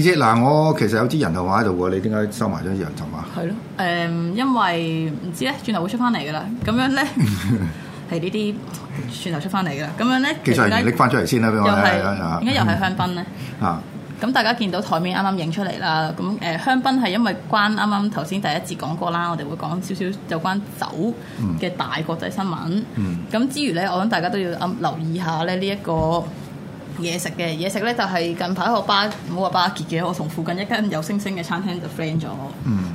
嗱、啊，我其實有啲人頭馬喺度喎，你點解收埋咗啲人頭馬？係咯，誒、嗯，因為唔知咧，轉頭會出翻嚟嘅啦。咁樣咧係呢啲轉頭出翻嚟嘅，咁樣咧。技術人員搦翻出嚟先啦，俾我啦。啊、又係，而家又係香檳咧。啊，咁大家見到台面啱啱影出嚟啦。咁誒，香檳係因為關啱啱頭先第一節講過啦，我哋會講少少有關酒嘅大國際新聞。咁、嗯嗯、之餘咧，我諗大家都要留意下咧呢一個，嘢食嘅，嘢食咧就係近排一個巴，唔好話巴結嘅，我同附近一間有星星嘅餐廳就 friend 咗，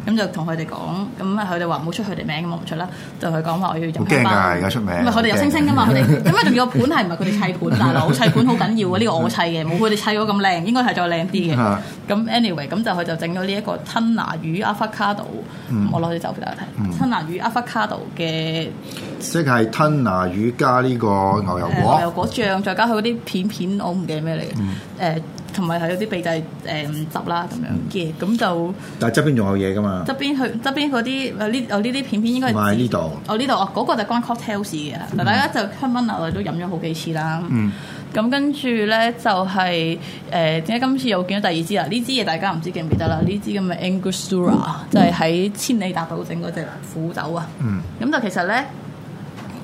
咁就同佢哋講，咁啊佢哋話唔好出佢哋名，咁我唔出啦，就佢講話我要入。好驚㗎，而家出名。咁啊佢哋有星星㗎嘛，佢哋，咁啊仲要個盤係唔係佢哋砌盤，但係砌盤好緊要啊。呢個我砌嘅，冇佢哋砌到咁靚，應該係再靚啲嘅。咁 anyway，咁就佢就整咗呢一個吞拿魚 avocado 我攞啲酒俾大家睇，吞拿魚 avocado 嘅。即係吞拿魚加呢個牛油果，牛油果醬再加佢啲片片，我唔記咩嚟嘅。誒，同埋係有啲秘製誒汁啦咁樣。嘅咁就，但係側邊仲有嘢㗎嘛？側邊佢側邊嗰啲呢呢啲片片應該係唔係呢度？哦呢度哦嗰個就關 cocktails 嘅，大家就吞拿魚都飲咗好幾次啦。咁跟住咧就係誒點解今次又見到第二支啊？呢支嘢大家唔知記唔記得啦？呢支咁嘅 Angostura 就係喺千里達度整嗰隻苦酒啊。咁就其實咧。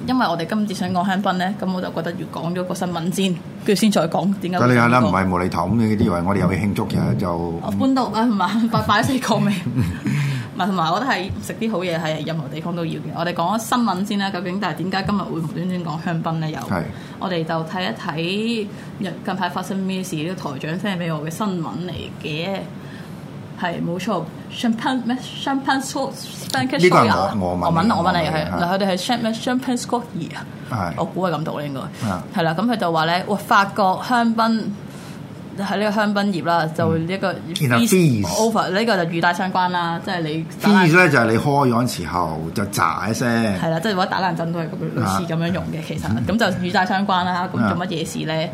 因為我哋今次想講香檳咧，咁我就覺得要講咗個新聞先，跟住先再講點解。但你睇啦，唔係無厘頭咁呢啲話，我哋有去慶祝，其實就、嗯嗯、搬到啊嘛，拜拜，四個味。嗱， 同埋我都係食啲好嘢，係任何地方都要嘅。我哋講咗新聞先啦，究竟但係點解今日會無端端講香檳咧？又係我哋就睇一睇近排發生咩事，呢、呢個、台長 send 俾我嘅新聞嚟嘅。係冇錯，champagne c h a m p a g n e scotch 呢個係我我問，我問你係嗱，佢哋係 champagne scotch 二啊，係我估係咁讀，應該係啦。咁佢就話咧，哇法國香檳喺呢個香檳業啦，就呢個 over 呢個就與大相關啦。即係你意思 i 咧就係你開藥時候就炸一聲，係啦，即係如果打冷震都係類似咁樣用嘅。其實咁就與大相關啦。嚇，咁做乜嘢事咧？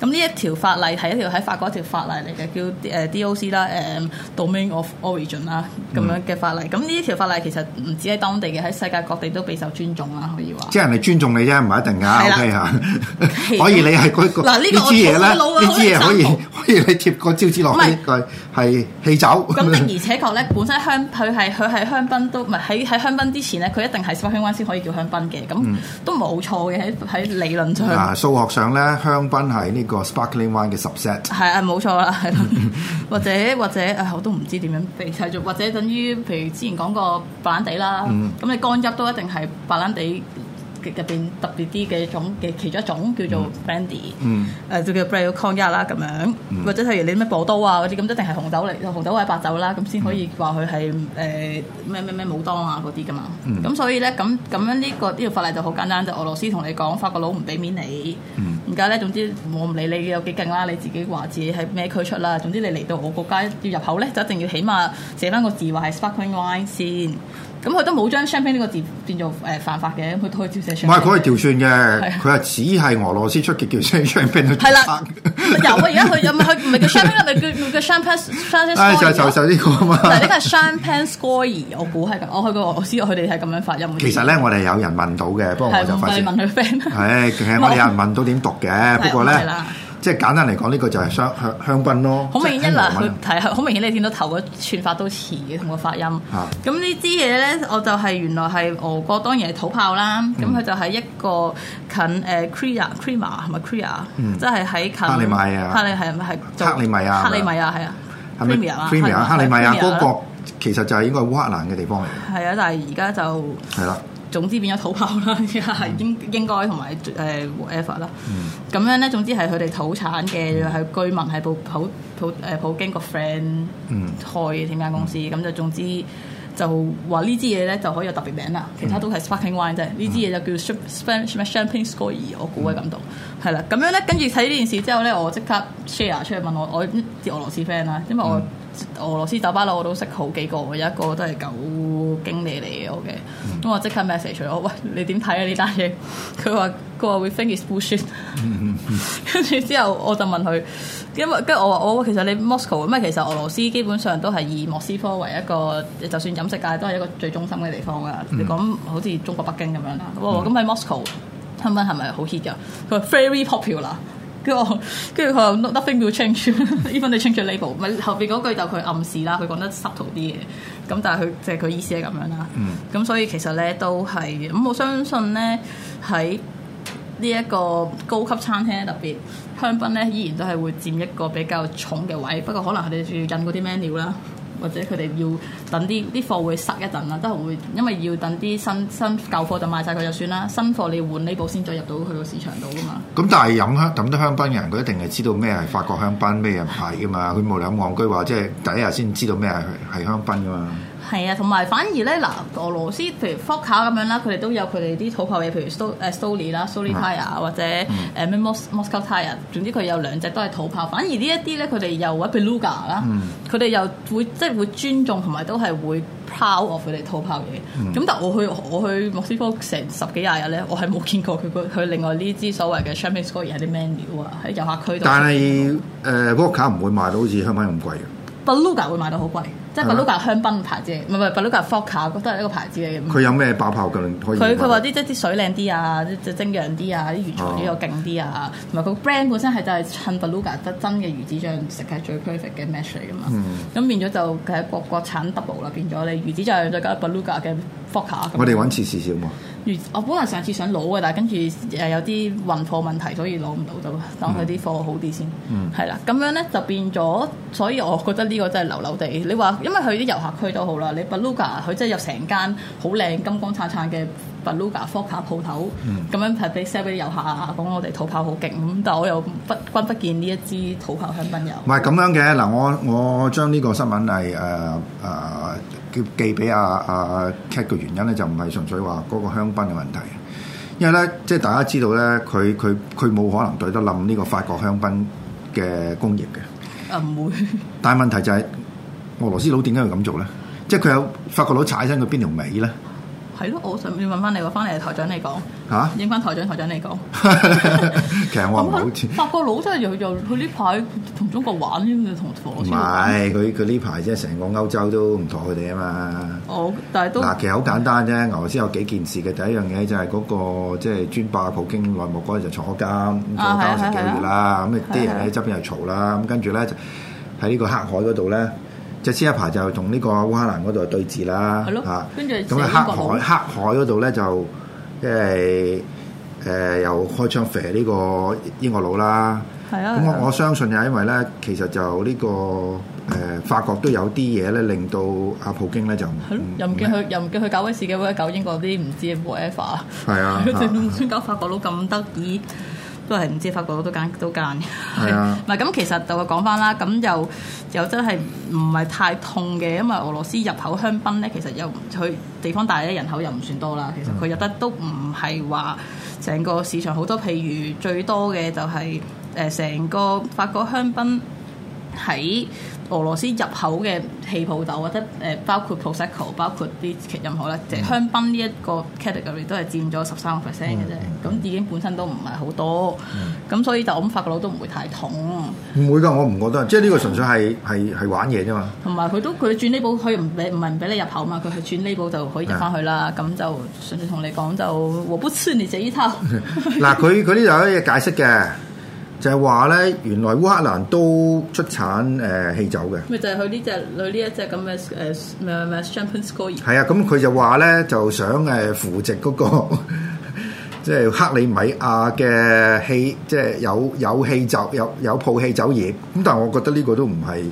咁呢一條法例係一條喺法國一條法例嚟嘅，叫誒 DOC 啦，誒 Domain of Origin 啦咁樣嘅法例。咁呢一條法例其實唔止喺當地嘅，喺世界各地都備受尊重啦，可以話。即係人哋尊重你啫，唔係一定㗎。係啦，可以你係嗰嗰呢支嘢咧，呢支嘢可以可以你貼個招子落去。唔係，係氣酒。咁而且確咧，本身香佢係佢喺香檳都唔係喺喺香檳之前咧，佢一定係香檳先可以叫香檳嘅，咁都冇錯嘅喺喺理論上。啊，數學上咧，香檳係呢？個 sparkling wine 嘅 subset 係啊，冇錯啦。或者或者，哎，我都唔知點樣繼續。或者等於譬如之前講過白蘭地啦，咁你乾邑都一定係白蘭地。入邊特別啲嘅一種嘅其中一種叫做 Brandy，誒就、嗯啊、叫 Brandy of Cognac 啦咁樣、嗯或，或者譬如你咩寶刀啊嗰啲咁，一定係紅酒嚟，有紅酒或者白酒啦，咁先可以話佢係誒咩咩咩武當啊嗰啲㗎嘛。咁、嗯、所以咧，咁咁樣呢、這個呢條、這個、法例就好簡單，就是、俄羅斯同你講，法國佬唔俾面你。而家咧，總之我唔理你有幾勁啦，你自己話自己係咩區出啦。總之你嚟到我國家要入口咧，就一定要起碼寫返個字話係 Sparkling Wine 先。咁佢都冇將 shampin 呢個字變做誒犯法嘅，佢都去調寫出。唔係佢係調轉嘅，佢係只係俄羅斯出嘅叫 shampin 去拆。有啊，而家佢有咪佢唔係叫 shampin 啊，咪叫叫 shampen shampen 係就就呢個啊嘛。但係，呢個係 shampen scorey，我估係，我去過俄羅斯，佢哋係咁樣發音。其實咧，我哋有人問到嘅，不過我就發現。係問佢 friend。係，其實我哋有人問到點讀嘅，不過咧。即係簡單嚟講，呢個就係香香香檳咯。好明顯啦，佢係好明顯，你見到頭個串法都似嘅，同個發音。咁呢啲嘢咧，我就係原來係俄國，當然係土炮啦。咁佢就喺一個近誒 Kreya、Krema 係咪 Kreya 即係喺近。克里米亞。克里係、係。克里米亞。克里米亞係啊。克里米亞。克里米亞嗰個其實就係應該烏克蘭嘅地方嚟。係啊，但係而家就係啦。總之變咗土炮啦，係應應該同埋 whatever 啦、嗯。咁樣咧，總之係佢哋土產嘅，係居民係普普普誒普京個 friend、嗯、開嘅呢間公司。咁就、嗯、總之就話呢支嘢咧就可以有特別名啦。嗯、其他都係 sparkling wine 啫，呢支嘢就叫 super champagne scori、嗯。Scoy，我估係咁讀，係啦、嗯。咁樣咧，跟住睇呢件事之後咧，我即刻 share 出嚟問我我啲俄羅斯 friend 啦，因為我。俄羅斯酒吧佬我都識好幾個，有一個都係狗經理嚟嘅，OK、mm。咁、hmm. 我即刻 message 咗，喂，你點睇啊呢單嘢？佢話佢話 We think it’s bullshit。跟住之後我就問佢，因為跟住我話我、哦、其實你 Moscow，咁其實俄羅斯基本上都係以莫斯科為一個，就算飲食界都係一個最中心嘅地方、mm hmm. 你講好似中國北京咁樣啦。哇、mm，咁、hmm. 喺、嗯 mm hmm. Moscow 香檳係咪好 hit 㗎？佢話 very popular。跟住跟住佢話 Nothing will change. Even you change label，咪 後邊嗰句就佢暗示啦。佢講得濕套啲嘢，咁但係佢即係佢意思係咁樣啦。咁、嗯、所以其實咧都係咁，我相信咧喺呢一個高級餐廳特別香檳咧，依然都係會佔一個比較重嘅位。不過可能係你住印嗰啲 menu 啦。或者佢哋要等啲啲貨會塞一陣啦，都係會，因為要等啲新新舊貨就賣晒佢就算啦。新貨你要換呢部先再入到去個市場度㗎嘛。咁但係飲香抌得香檳嘅人，佢一定係知道咩係法國香檳咩人牌㗎嘛，佢無理由妄居話即係、就是、第一日先知道咩係係香檳㗎嘛。係啊，同埋反而咧，嗱俄羅斯譬如伏卡咁樣啦，佢哋都有佢哋啲土炮嘢，譬如 St 誒 Stoly 啦 Stolytaya 或者誒咩 Mos 莫斯科塔呀，ire, 總之佢有兩隻都係土炮。反而呢一啲咧，佢哋又 Beluga 啦，佢、嗯、哋又會即係會尊重同埋都係會 proud of 佢哋土炮嘢。咁、嗯、但我去我去莫斯科成十幾廿日咧，我係冇見過佢佢另外呢支所謂嘅 Champagne 雪茄係啲咩料啊？喺遊客區。但係誒伏卡唔會賣到好似香港咁貴嘅。Beluga 會買到好貴，即係 Beluga 香檳牌子，唔係唔係 Beluga Foca，都係一個牌子嚟嘅。佢有咩爆泡嘅？佢佢話啲即啲水靚啲啊，即精養啲啊，啲魚材呢個勁啲啊，同埋佢個 brand 本身係就係襯 Beluga 得真嘅魚子醬食係最 perfect 嘅 match 嚟㗎嘛。咁、mm hmm. 變咗就係一個國產 double 啦，變咗你魚子醬再加 Beluga 嘅 Foca。我哋揾次試試好唔好？我本來上次想攞嘅，但係跟住誒有啲運貨問題，所以攞唔到，就等佢啲貨好啲先。係啦、嗯，咁樣咧就變咗，所以我覺得呢個真係流流地。你話因為佢啲遊客區都好啦，你 Bulgari 佢真係有成間好靚金光燦燦嘅。Beluga vodka 鋪頭咁樣係俾 sell 俾遊客啊！咁我哋土炮好勁，咁但我又不均不見呢一支土炮香檳油。唔係咁樣嘅嗱，我我將呢個新聞係誒誒寄寄俾阿阿 Kate 嘅原因咧，就唔係純粹話嗰個香檳嘅問題，因為咧即係大家知道咧，佢佢佢冇可能對得冧呢個法國香檳嘅工業嘅。啊，唔會。 但係問題就係、是、俄羅斯佬點解要咁做咧？即係佢有法國佬踩親佢邊條尾咧？係咯，我順便問翻你喎，翻嚟台長你講吓，影翻，啊、台長台長你講， 其實我唔好似法國佬真係又又佢呢排同中國玩，跟住同俄羅斯唔係，佢佢呢排即係成個歐洲都唔妥佢哋啊嘛。哦，但係都嗱，其實好簡單啫。俄羅斯有幾件事嘅，第一樣嘢就係嗰，那個即係，就是，專霸普京內幕嗰陣就坐監，坐監成幾個月啦。咁啲，啊、人喺側邊又嘈啦。咁跟住咧就喺呢個黑海嗰度咧。只先一排就同呢個烏克蘭嗰度對峙啦，跟住咁啊，黑海黑海嗰度咧，就即係誒又開槍射呢個英國佬啦，咁的我的我相信就係因為咧，其實就呢、這個誒、呃、法國都有啲嘢咧，令到阿、啊、普京咧，就係咯，又唔見佢又唔見佢搞威士忌，或者搞英國啲唔知 whatever，係啊，的的搞法國佬咁得意？都係唔知法國都間都間嘅，係啊，咁其實就講翻啦，咁又又真係唔係太痛嘅，因為俄羅斯入口香檳咧，其實又佢地方大咧，人口又唔算多啦，其實佢入得都唔係話成個市場好多，譬如最多嘅就係誒成個法國香檳喺。俄羅斯入口嘅氣泡酒或者誒包括 Prosecco，包括啲任何啦，即、嗯、香檳呢一個 category 都係佔咗十三個 percent 嘅啫。咁已、嗯嗯、已經本身都唔係好多，咁、嗯、所以就我諗發個都唔會太痛。唔會㗎，我唔覺得。即係呢個純粹係係係玩嘢啫嘛。同埋佢都佢轉呢部，佢唔唔係唔俾你入口嘛。佢去轉呢部就可以入翻去啦。咁、嗯、就順便同你講就，我不穿你這一套。嗱、嗯，佢佢呢度有一個解釋嘅。 就係話咧，原來烏克蘭都出產誒氣、呃、酒嘅。咪就係佢呢隻，佢呢一隻咁嘅誒咩咩係啊，咁佢就話咧，就想誒扶植嗰個即 係克里米亞嘅氣，即、就、係、是、有有氣酒有有泡氣酒業。咁但係我覺得呢個都唔係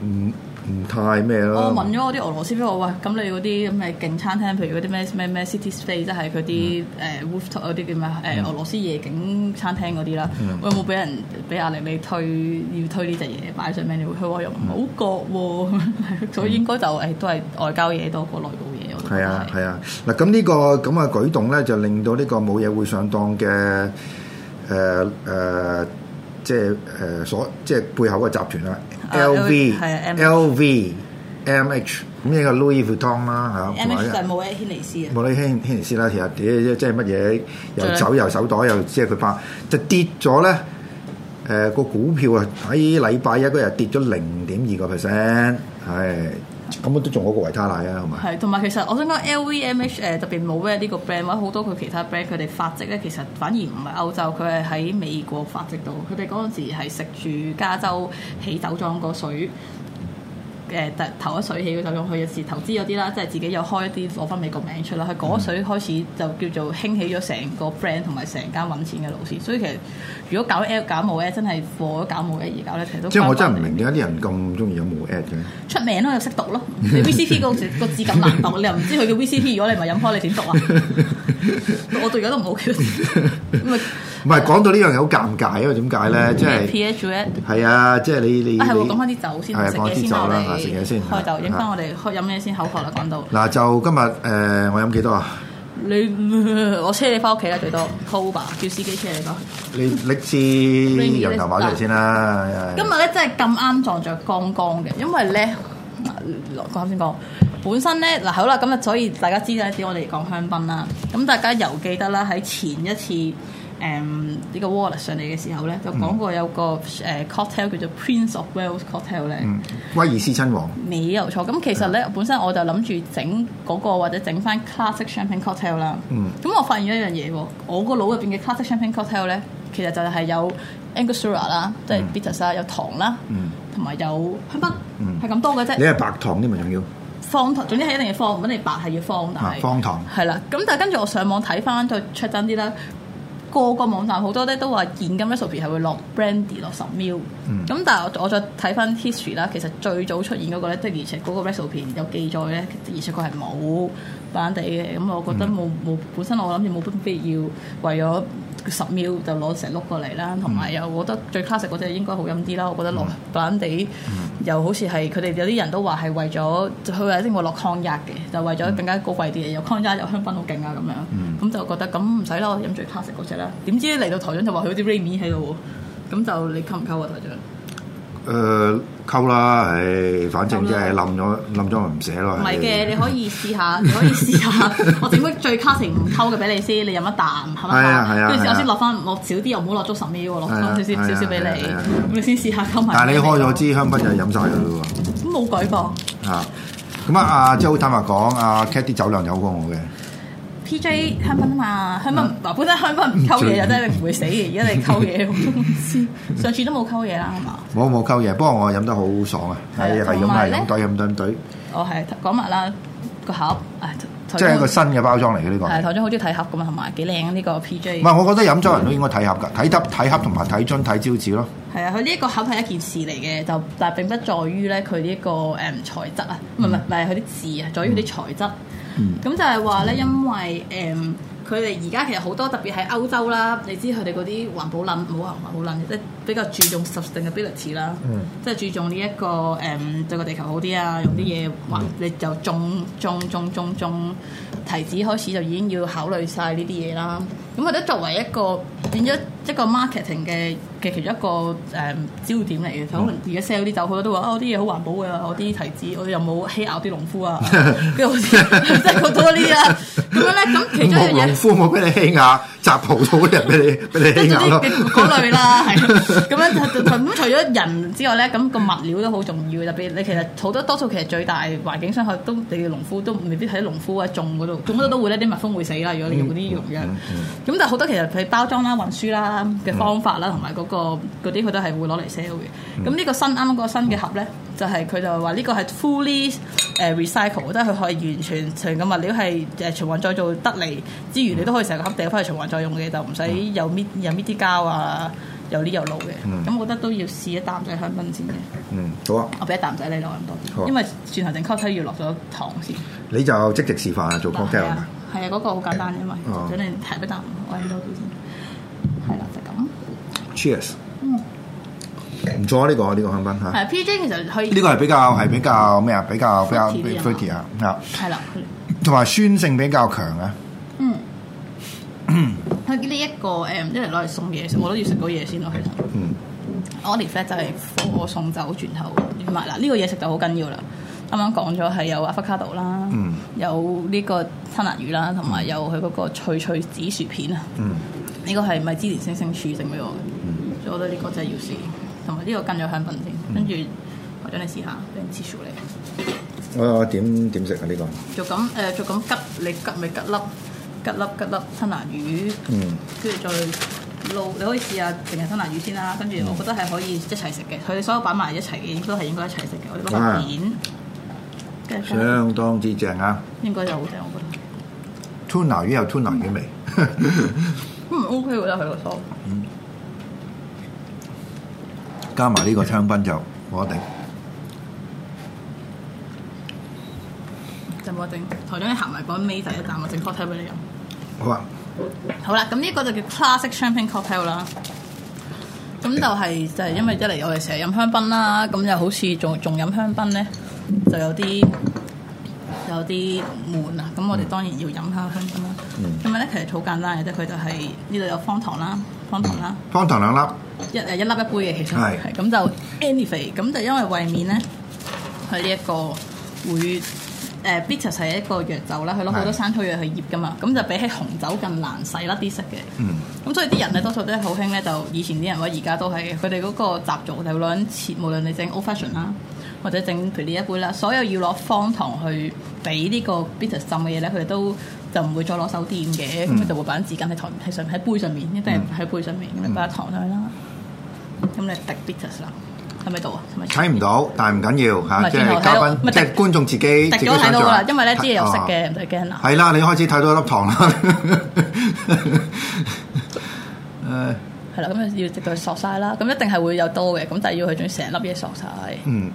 嗯。唔太咩咯。我問咗我啲俄羅斯，我，喂，咁你嗰啲咩景餐廳，譬如嗰啲咩咩咩 City Stay，即係佢啲誒 w o o f 嗰啲叫咩？誒、 嗯呃、俄羅斯夜景餐廳嗰啲啦。我、嗯、有冇俾人俾壓力你推，要推呢隻嘢擺上 menu 去佢又唔好講喎，所以、嗯、 應該就誒、哎、都係外交嘢多過內部嘢。啊、我覺得係啊係啊。嗱，咁呢個咁嘅舉動咧，就令到呢個冇嘢會上當嘅誒誒，即係誒所即係背後嘅集團啊。 L V L V M H，咁呢個 Louis Vuitton 啦，嚇。M H 就冇喺軒尼斯啊。冇喺軒尼斯啦，其實 Right. 即即係乜嘢又酒又手袋又即係佢包，就跌咗咧。誒、呃、個股票啊喺禮拜一嗰日跌咗零點二個 percent，係。哎咁都仲嗰個維他奶啊，係咪？係，同埋其實我想講 LVMH 誒、呃、特別冇咩呢個 brand，或者好多佢其他 brand，佢哋發跡咧，其實反而唔係歐洲，佢係喺美國發跡到。佢哋嗰陣時係食住加州起酒莊個水。誒，就投一水起嘅作用，佢嘅時投資有啲啦，即係自己又開一啲攞翻美國名出啦，佢嗰水開始就叫做興起咗成個 friend 同埋成間揾錢嘅路線，所以其實如果搞 L 搞冇 L 真係火，搞冇 L 而搞，其實都。即係我真係唔明點解啲人咁中意有冇 L 嘅。出名、啊、咯，又識讀咯，V C P 嗰時、嗰個字咁難讀， 你又唔知佢叫 V C P，如果你唔係飲開，你點讀啊？ 我到而家都唔好記。 唔係講到呢樣嘢好尷尬，因為點解咧？即係係啊，即係你你。啊，係喎，咁開始走先，食嘢先啦，食嘢先。嗱就引翻我哋開飲嘢先口渴啦，講到嗱就今日誒，我飲幾多啊？你我車你翻屋企啦，幾多？Uber 叫司機車你咯。你你知入頭買嘢先啦。今日咧真係咁啱撞著剛剛嘅，因為咧，我啱先講本身咧嗱，好啦，咁啊，所以大家知啦，啲我哋講香檳啦，咁大家又記得啦，喺前一次。誒呢、嗯呢個 Wallace 上嚟嘅時候咧，就講過有個誒 cocktail 叫做 Prince of Wales cocktail 咧、嗯，威爾斯親王。冇有錯。咁、嗯、其實咧，本身我就諗住整嗰個或者整翻 classic champagne cocktail 啦、嗯。咁我發現一樣嘢喎，我個腦入邊嘅 classic champagne cocktail 咧，其實就係有 Angostura 啦、嗯，即係 bitters 啦，有糖啦，同埋、嗯、有係乜？係咁、嗯、多嘅啫。你係白糖添，咪仲要方糖。總之係一定要方，唔一定白係要方。係啦，方糖。係啦。咁但係跟住我上網睇翻，再出真啲啦。個個網站好多咧都話現今 recipe 係會落 Brandy 落十 ml。咁、嗯、但係我，我再睇翻 History 啦，其實最早出現嗰個咧，即係而且嗰個 recipe 有記載咧，而且佢係冇。板地嘅，咁、嗯嗯、我，我覺得冇冇本身我諗住冇必要為咗十秒就攞成碌過嚟啦，同埋又覺得最 c l a s 嗰隻應該好飲啲啦，我覺得落板、嗯、地，嗯、又好似係佢哋有啲人都話係為咗佢話一定會落抗日嘅，就、為咗更加高貴啲，又抗日又香檳好勁啊咁樣，咁、嗯嗯、就覺得咁唔使啦，我飲最 c l a s 嗰隻啦。點知嚟到台長就話佢啲 Remy 喺度，咁就你溝唔溝啊，台長？誒、呃。溝啦，唉，反正即係冧咗，冧咗咪唔捨咯。唔係嘅，你可以試下，你可以試下，我整啲最卡成唔溝嘅俾你先，你飲一啖，係咪啊？係啊，係啊。跟住我先落翻落少啲，又唔好落足十秒喎，落少少少少俾你，咁你先試下溝埋。但係你開咗支香檳就飲晒佢咯喎，咁冇鬼噃。啊，咁啊，阿周坦白講，阿 Cat 啲酒量有過我嘅。P. J. 香檳啊嘛，香檳嗱本身香檳唔溝嘢就得，你唔會死，嘅。而家你溝嘢我都唔知。上次都冇溝嘢啦，係嘛？冇冇溝嘢，不過我飲得好爽啊，係係咁係咁對飲對飲對。我係講埋啦個盒。即係一個新嘅包裝嚟嘅呢個，係台中好中意睇盒㗎嘛，同埋幾靚呢個 P. J. 唔係，我覺得飲酒人都應該睇盒㗎，睇得睇盒同埋睇樽睇招紙咯。係啊，佢呢一個盒係一件事嚟嘅，就但並不在於咧佢呢一個誒材、嗯、質啊，唔係唔係佢啲字啊，在於佢啲材質。咁、嗯、就係話咧，因為誒。嗯佢哋而家其實好多特別喺歐洲啦，你知佢哋嗰啲環保諗冇、哦哦、環保諗，即係比較注重 sustainability 啦，即係注重呢、這、一個誒、嗯、對個地球好啲啊，用啲嘢環你就種種種種種提子開始就已經要考慮晒呢啲嘢啦。咁我覺得作為一個變咗一個 marketing 嘅嘅其中一個誒、嗯、焦點嚟嘅，可能而家 sell 啲酒好多都話哦，啲嘢好環保㗎，我啲提子，我又冇欺壓啲農夫啊，跟住即係好多啲啊，咁 樣咧，咁其中一樣嘢農夫冇俾你欺壓。摘葡萄嘅人俾你俾你入咯，嗰類啦，係咁樣，咁除咗人之外咧，咁個物料都好重要，特別你其實好多多數其實最大環境傷害都你農夫都未必喺農夫啊，種嗰度種嗰度都會咧，啲蜜蜂會死啦，如果你用啲農藥。咁但係好多其實佢包裝啦、運輸啦嘅方法啦，同埋嗰個嗰啲佢都係會攞嚟 sell 嘅。咁呢個新啱啱個新嘅盒咧。就係佢就係話呢個係 fully 誒 recycle，即係佢可以完全成個物料係誒循環再做得嚟之餘，你都可以成個盒掉翻去循環再用嘅，就唔使又搣又搣啲膠啊，又黏又老嘅。咁我覺得都要試一啖仔香檳先嘅。嗯，好啊。我俾一啖仔你攞咁多啲。因為轉頭定溝體要落咗糖先。你就即席示範做 cocktail，係啊，嗰個好簡單因嘛。哦。等你提一啖，我飲多啲先。係啦，就咁。Cheers。嗯。唔錯啊！呢個呢個香檳嚇。誒，P. J. 其實可以。呢個係比較係比較咩啊？比較比較 funky 啊，係啦。同埋酸性比較強啊。嗯。佢呢一個誒，一人攞嚟送嘢食，我都要食嗰嘢先咯，其實。嗯。我哋 first 就係我送走轉頭，同埋嗱呢個嘢食就好緊要啦。啱啱講咗係有阿佛卡朵啦，有呢個吞拿魚啦，同埋有佢嗰個脆脆紫薯片啊。嗯。呢個係咪芝蓮星星柱整畀我？嗯。所以我覺得呢個真係要試。同埋呢個跟咗香粉添，跟住我想你試下，俾人試熟你。我點點食啊？呢個就咁誒，就咁吉，你吉咪吉粒，吉粒吉粒吞拿魚，跟住再撈，你可以試下淨係吞拿魚先啦。跟住我覺得係可以一齊食嘅，佢哋所有擺埋一齊嘅都係應該一齊食嘅。我哋得片跟相當之正啊！應該又好正，我覺得 u, u,、嗯。吞拿魚有吞拿魚味。唔 OK 喎，真係佢個湯。加埋呢個香檳就冇得頂。冇得頂，台長你行埋嗰尾仔一啖，我整 cocktail 俾你飲。好啊。好啦，咁呢個就叫 classic champagne cocktail 啦。咁就係、是、就係、是、因為一嚟我哋成日飲香檳啦，咁又好似仲仲飲香檳咧，就有啲有啲悶啊。咁我哋當然要飲下香檳啦。咁咧、嗯、其實好簡單嘅啫，佢就係呢度有方糖啦，方糖啦，方糖兩粒。一誒一粒一杯嘅，其實係咁就 anyway，咁就因為味面咧，佢呢一個會誒、呃、bitter 係一個藥酒啦，佢攞好多生草藥去醃㗎嘛，咁就比起紅酒更難洗粒啲色嘅。嗯，咁所以啲人咧多數都係好興咧，就以前啲人話而家都係，佢哋嗰個習俗就攞攤切，無論你整 Old Fashioned 啦，或者整譬如呢一杯啦，所有要攞方糖去俾呢個 bitter 浸嘅嘢咧，佢哋都就唔會再攞手掂嘅，咁佢、嗯、就會擺喺紙巾喺台喺上喺杯上面，一定喺杯上面你擺糖上去啦。嗯咁你滴 biters 啦，喺唔喺度啊？睇唔到，但係唔緊要吓，即係嘉賓，即係觀眾自己滴咗睇到噶啦，因為咧啲嘢，有色嘅，唔使驚啊。係啦，你開始睇到一粒糖啦。誒，係啦，咁啊要直到索晒啦，咁一定係會有多嘅，咁但係要佢仲成粒嘢索晒。嗯，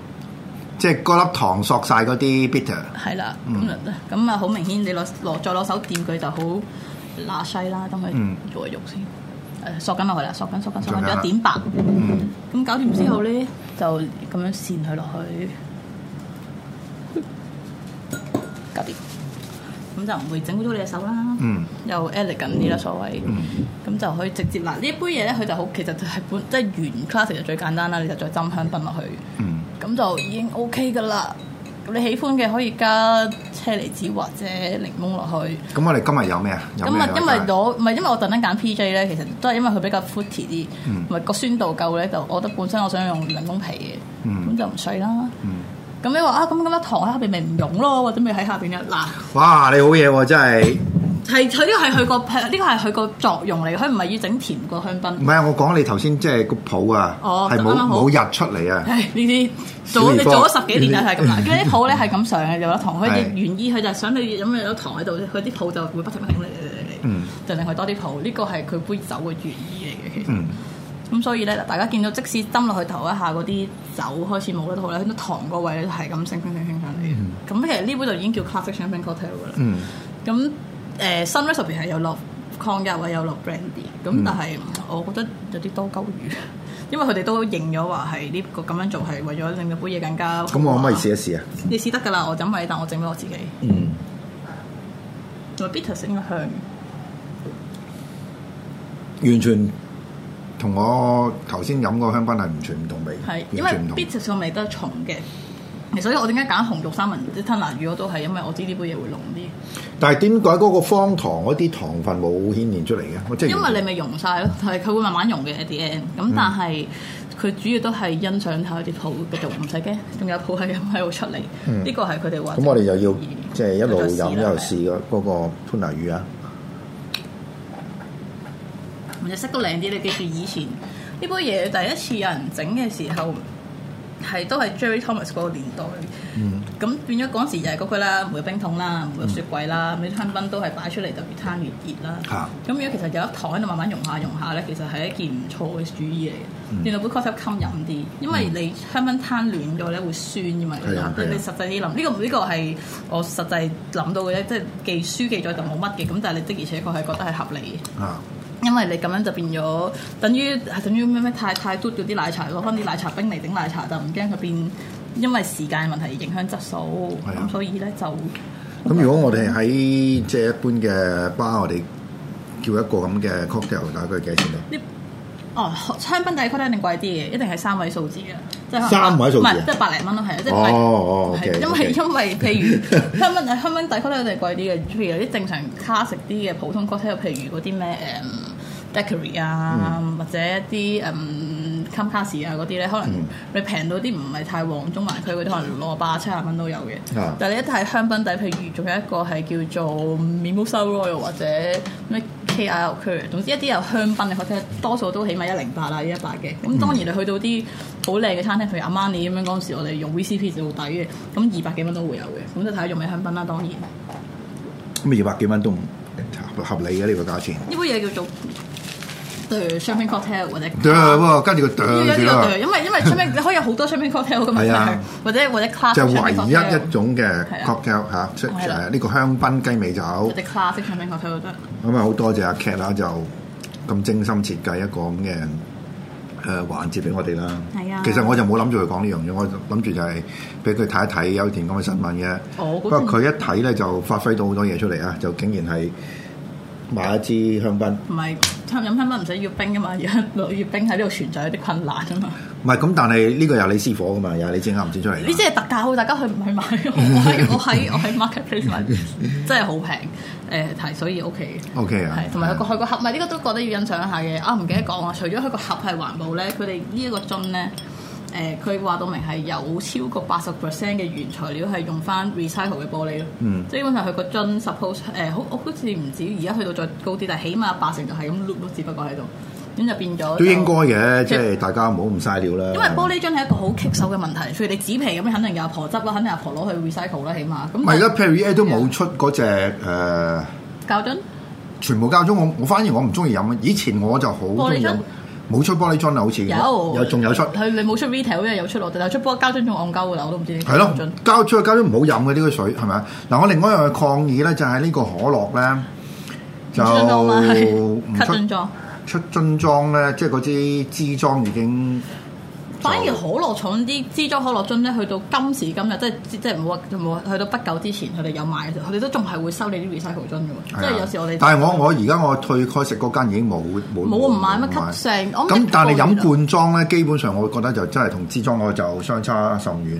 即係嗰粒糖索晒嗰啲 bitter。係啦，咁啊，咁啊，好明顯你攞攞再攞手掂佢就好嗱細啦，等佢再郁先。誒，索緊落去啦，索緊索緊索緊，有啲點白，咁、嗯、搞掂之後咧就咁樣扇佢落去，搞掂，咁就唔會整污咗你隻手啦。嗯，又 elegant 啲啦，所謂。嗯，咁就可以直接嗱，嗯、一杯呢杯嘢咧，佢就好，其實就係本即係、就是、原 classic 就最簡單啦，你就再斟香檳落去。嗯，咁就已經 OK 㗎啦。咁你喜歡嘅可以加車厘子或者檸檬落去，咁我哋今日有咩啊？今日因為我唔係 因為我特登揀 P J 咧，其實都係因為佢比較 fruity 啲，唔係個酸度夠咧，就我覺得本身我想用檸檬皮嘅，咁、嗯、就唔衰啦。咁你話啊，咁咁啲糖喺下邊咪唔溶咯，或者咪喺下邊一爛。哇，你好嘢喎，哦，真係～係佢呢個係佢個呢個係佢個作用嚟，佢唔係要整甜個香檳。唔係啊！我講你頭先即係個泡啊，係冇冇日出嚟啊！呢啲做你做咗十幾年就係咁啦，跟啲泡咧係咁上嘅，有糖佢嘅原意，佢就係想你飲咗糖喺度，佢啲泡就會不停不停嚟嚟嚟嚟，就令佢多啲泡。呢個係佢杯酒嘅原意嚟嘅。咁所以咧，大家見到即使斟落去頭一下嗰啲酒開始冇得都好啦，喺度糖嗰位係咁升升升升上嚟。咁其實呢杯就已經叫 classic champagne cocktail 噶啦。咁誒、呃、新 recipe 係有落抗日或者有落 brandy，咁、嗯、但係我覺得有啲多鳩魚，因為佢哋都認咗話係呢個咁樣做係為咗令到杯嘢更加。咁、嗯、我可唔可以試一試啊？你試得㗎喇，我飲咪，但我整俾我自己。嗯。個 bitters 應該香。完全同我頭先飲個香檳係完全唔同味，係是因為 bitters 個味都重嘅。所以，其我點解揀紅肉三文即吞拿魚我都係，因為我知呢杯嘢會濃啲。但係點解嗰個方糖嗰啲糖分冇顯現出嚟嘅？即係因為你咪溶晒咯，但係佢會慢慢溶嘅 a 啲糖。咁但係佢主要都係欣賞下啲泡嘅度，唔使驚，仲有泡係喺度出嚟。呢個係佢哋話。咁、嗯、我哋又要即係、就是、一路飲一路試嗰個吞拿魚啊！你識得靚啲，你記住以前呢杯嘢第一次有人整嘅時候。係都係 Jerry Thomas 嗰個年代，咁、嗯、變咗嗰陣時又係嗰個啦，冇冰桶啦，冇雪櫃啦，啲、嗯、香檳都係擺出嚟就越攤越熱啦。咁如果其實有一台喺度慢慢融下融下咧，其實係一件唔錯嘅主意嚟嘅，嗯、原來杯 cocktail 襟飲啲，因為你香檳攤暖咗咧會酸嘅嘛。嗯、因為你你實際啲諗呢個呢、呢個係、呢個、我實際諗到嘅啫，即係記書記咗就冇乜嘅，咁但係的而且確係覺得係合理嘅。啊。因為你咁樣就變咗，等於等於咩咩太太嘟咗啲奶茶，攞翻啲奶茶冰嚟整奶茶，就唔驚佢變。因為時間問題而影響質素，咁所以咧就咁。嗯嗯、如果我哋喺即係一般嘅吧，我哋叫一個咁嘅 cocktail，大概幾多錢啊？哦，香檳底 cocktail 一定貴啲嘅，一定係三位數字嘅，即係三位數字，即係、就係、百零蚊咯，係啊，即係哦哦，就係、哦 okay, 因為，okay. 因為因為譬如香檳香檳底 cocktail 一定貴啲嘅。譬如有啲正常卡食啲嘅普通 cocktail，譬如嗰啲咩誒。嗯 Decorate 啊，嗯、或者一啲誒 c a 啊嗰啲咧，可能你平到啲唔係太旺，中環區嗰啲、嗯、可能六百七廿蚊都有嘅。啊、但係你一睇香檳底，譬如仲有一個係叫做 Mimoso Royal 或者咩 KRL 區，總之一啲有香檳嘅餐廳，多數都起碼一零八啦，一一八嘅。咁當然你去到啲好靚嘅餐廳，譬如 Armani 咁樣嗰陣時我，我哋用 VCP 就好抵嘅。咁二百幾蚊都會有嘅。咁就睇下用咩香檳啦，當然。咁二百幾蚊都唔合理嘅、啊、呢、呢個價錢。呢杯嘢叫做。兌 shopping cocktail 或者兌喎，跟住個兌因為因為 shopping 可以有好多 shopping cocktail 嘅嘛，或者或者 class 就唯一一種嘅 cocktail 吓，係啊呢個香檳雞尾酒，即 class shopping cocktail 得。咁啊好多謝阿 Cat 啦，就咁精心設計一個咁嘅誒環節俾我哋啦。係啊，其實我就冇諗住佢講呢樣嘢，我諗住就係俾佢睇一睇有田嗰個新聞嘅。哦，不過佢一睇咧就發揮到好多嘢出嚟啊，就竟然係～買一支香檳，唔係，飲香檳唔使要冰啊嘛，要冰喺呢度存在有啲困難啊嘛。唔係，咁但係呢個由你師傅噶嘛，由你精啱唔知，出嚟。呢啲係特價，好大家去唔去買？我喺 我喺 marketplace 買，market place, 真係好平。誒、呃，係所以 OK，OK、OK okay、啊，係同埋有個佢個盒，咪呢的、呢個都覺得要欣賞一下嘅。啊，唔記得講啊，除咗佢個盒係環保咧，佢哋呢一個樽咧。誒，佢話到明係有超過八十 percent 嘅原材料係用翻 recycle 嘅玻璃咯。嗯，即基本上佢個樽 suppose 誒、呃、好，我好似唔止而家去到再高啲，但係起碼八成就係咁碌咯只不過喺度，咁就變咗都應該嘅，即係實大家唔好咁嘥料啦。因為玻璃樽係一個好棘手嘅問題，所以 你紙皮咁樣，肯定阿婆執啦，肯定阿婆攞去 recycle 啦，起碼咁。而家 Perrier 都冇出嗰隻誒膠樽，呃、瓶全部膠樽我我反而我唔中意飲啊，以前我就好中意飲。璃冇出玻璃樽啊，好似有，又仲有出。佢你冇出 retail，好似有出落，但係出玻膠樽仲戇鳩噶啦，我都唔知點解。係咯，膠樽膠樽唔好飲嘅呢個水，係咪啊？嗱，我另外一樣嘅抗議咧，就係呢個可樂咧，就唔出樽裝，出樽裝咧，即係嗰啲支裝已經。反而可樂廠啲支裝可樂樽咧，去到今時今日，即係即係唔好話唔好話去到不久之前，佢哋有買嘅時候，佢哋都仲係會收你啲 recycle 樽嘅喎。即係有時我哋。但係我我而家我退開食嗰間已經冇冇。冇唔買乜吸成咁。但係飲罐裝咧，基本上我覺得就真係同支裝我就相差甚遠，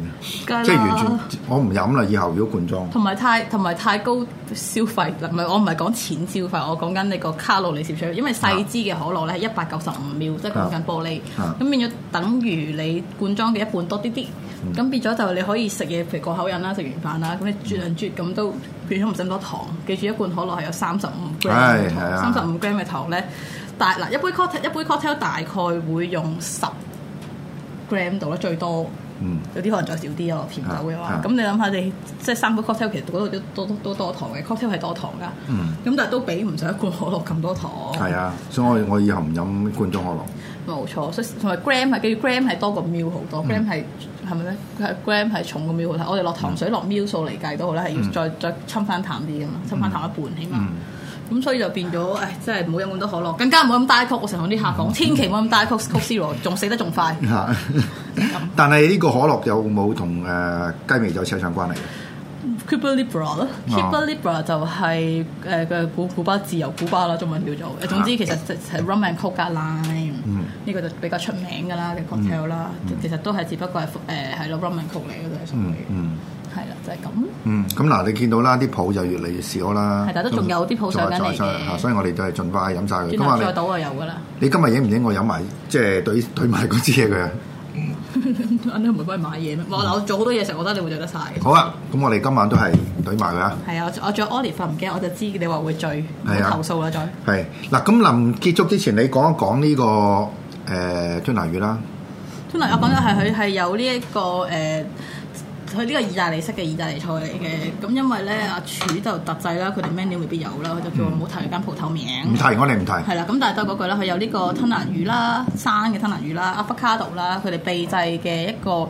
即係完全我唔飲啦，以後如果罐裝。同埋太同埋太高消費，唔係我唔係講錢消費，我講緊你個卡路里攝取，因為細支嘅可樂咧係一百九十五秒，即係講緊玻璃咁變咗等於。你罐裝嘅一半多啲啲，咁、嗯、變咗就你可以食嘢，譬如過口癮啦，食完飯啦，咁你啜兩啜咁都變咗唔使咁多糖。記住，一罐可樂係有三十五 gram 嘅糖，三十五 gram 嘅糖咧，但嗱一杯 cocktail 一杯 cocktail 大概會用十 gram 到啦，最多。嗯，有啲可能再少啲咯，甜酒嘅話。咁你諗下，你即係三個 cocktail 其實嗰度都多都多糖嘅，cocktail 係多糖噶。嗯。咁但係都比唔上一罐可樂咁多糖。係啊，所以我以後唔飲罐中可樂。冇錯，所以同埋 gram 記住 gram 係多過 mill 好多，gram 係係咪咧？gram 係重過 mill 好多。我哋落糖水落 mill 數嚟計都好啦，係要再再斟翻淡啲咁嘛，侵翻淡一半起碼。咁所以就變咗，誒真係唔好飲咁多可樂，更加唔好咁低谷。我成日同啲客講，千祈唔好咁低谷，谷死囉，仲死得仲快。嚇！ 但係呢個可樂有冇同誒雞尾酒扯上關係？Cuba Libre，Cuba、啊、Libre 就係誒個古古巴自由古巴啦，中文叫做。總之其實即 Rum、um、and Coke 加 Lime 呢個就比較出名嘅啦嘅 Cocktail 啦。El, 嗯嗯、其實都係只不過係誒係攞 Rum、um、and Coke 嚟嘅都係所謂嘅。係啦、嗯嗯，就係、是、咁。咁嗱、嗯，你見到啦，啲鋪就越嚟越少啦。係，但都仲有啲鋪上緊嚟，所以我哋就係儘快飲晒佢。轉頭再倒啊，有㗎啦。你今日影唔影？我飲埋，即係兌兌埋嗰支嘢佢。 搵到唔好去買嘢咩？我我做好多嘢食，我覺得你會做得曬嘅。好啦，咁我哋今晚都係懟埋佢啊。係啊，我我著安利發唔驚，我就知你話會醉，會投訴啦，再。係嗱，咁臨結束之前，你講一講呢個誒吞拿魚啦。吞拿，我講緊係佢係有呢一個誒。佢呢個意大利式嘅意大利菜嚟嘅，咁因為咧阿、嗯啊、柱就特製啦，佢哋 menu 未必有啦，佢就叫我唔好提佢間鋪頭名。唔、嗯、提，我哋唔提。係啦，咁但係都係嗰句啦，佢有呢個吞拿魚啦，生嘅吞拿魚啦，avocado 啦，佢哋秘製嘅一個。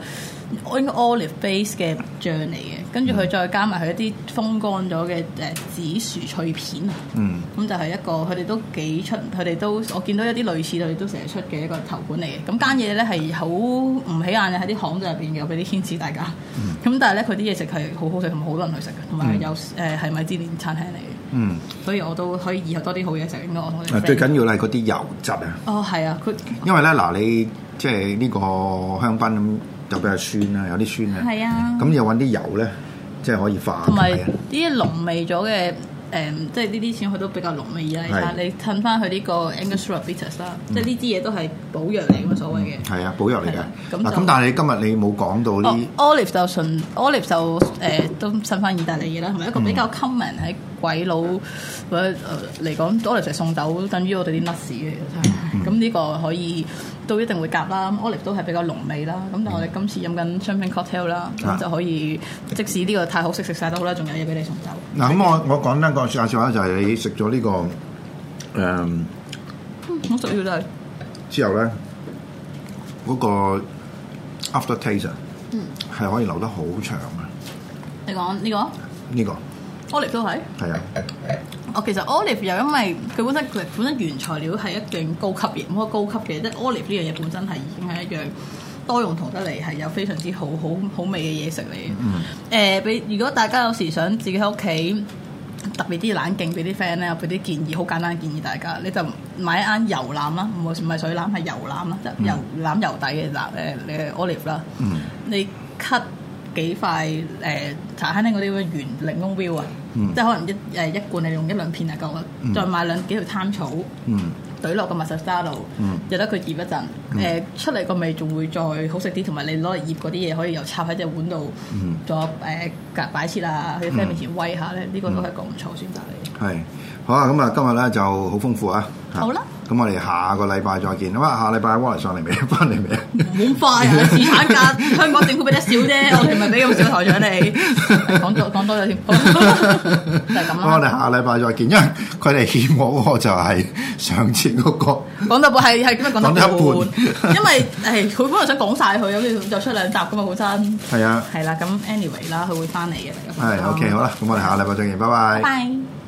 應該 olive base 嘅醬嚟嘅，跟住佢再加埋佢一啲風乾咗嘅誒紫薯脆片啊，咁、嗯、就係一個佢哋都幾出，佢哋都我見到一啲類似佢哋都成日出嘅一個頭盤嚟嘅。咁間嘢咧係好唔起眼嘅，喺啲巷仔入邊嘅俾啲天子大家。咁、嗯、但係咧佢啲嘢食係好好食，同埋好多人去食嘅，同埋有誒係、嗯呃、米芝蓮餐廳嚟嘅。嗯，所以我都可以以後多啲好嘢食。應該我同啲最緊要係嗰啲油汁啊。哦，係啊，佢因為咧嗱，你即係呢個香檳咁。嗯嗯嗯就比較酸啦，有啲酸啦。係啊，咁又揾啲油咧，即係可以化。同埋呢啲濃味咗嘅誒，即係呢啲先佢都比較濃味啊！你褪翻佢呢個 Angostura 啦，即係呢啲嘢都係補藥嚟嘅，所謂嘅。係啊，補藥嚟嘅。咁咁，但係你今日你冇講到呢啲？Olive 啲就純，Olive 就誒都褪翻意大利嘅啦，同埋一個比較 common 喺鬼佬或者嚟講，Olive 就送酒，等於我哋啲 must 嘅。咁呢個可以。都一定會夾啦 Olive 都係比較濃味啦，咁但係我哋今次飲緊 Champagne cocktail 啦、嗯，咁就可以即使呢個太好食食晒都好啦，仲有嘢俾你送走。咁我我講得個下句話,說話就係、是、你食咗呢個誒，um, 嗯、重要。食完之後咧，嗰、那個 aftertaste 嗯係可以留得好長嘅。你講呢、這個？呢、這個 Olive 都係係啊。嗯我其實 olive 又因為佢本身佢本身原材料係一定高級嘅，咁啊高級嘅，即係 olive 呢樣嘢本身係已經係一樣多用途得嚟，係有非常之好好好味嘅嘢食嚟嘅。誒，你如果大家有時想自己喺屋企特別啲冷靜俾啲 friend 咧，我俾啲建議，好簡單嘅建議大家，你就買一盎油攬啦，唔係水攬，係油攬啦，即係油攬油底嘅攬誒，你嘅 olive 啦。你 cut 幾塊誒茶餐廳嗰啲咁嘅圓檸檬表啊！嗯、即係可能一誒一罐你用一兩片嚟夠啦，嗯、再買兩幾條貪草，懟落個密實沙漏，就得佢醃一陣，誒、嗯呃、出嚟個味仲會再好食啲，同埋你攞嚟醃嗰啲嘢可以又插喺隻碗度，嗯、再誒隔擺設啊，喺、呃、friend 面前威下咧，呢、嗯、個都係一個唔錯選擇嚟。係，好啊，咁啊，今日咧就好豐富啊。好啦。咁我哋下個禮拜再見。咁啊，下禮拜 Wally 上嚟未？翻嚟未？唔好快，我是產假，香港政府俾得少啫，我哋唔係俾咁少台長你。講多講多咗添，就係咁啦。咁我哋下禮拜再見，因為佢哋欠我就係上次嗰個。講到半係係咁啊，講到一半，因為係佢本來想講晒佢，咁就出兩集噶嘛，好真。係啊。係啦，咁 anyway 啦，佢會翻嚟嘅。係 OK，好啦，咁我哋下禮拜再見，拜拜。拜。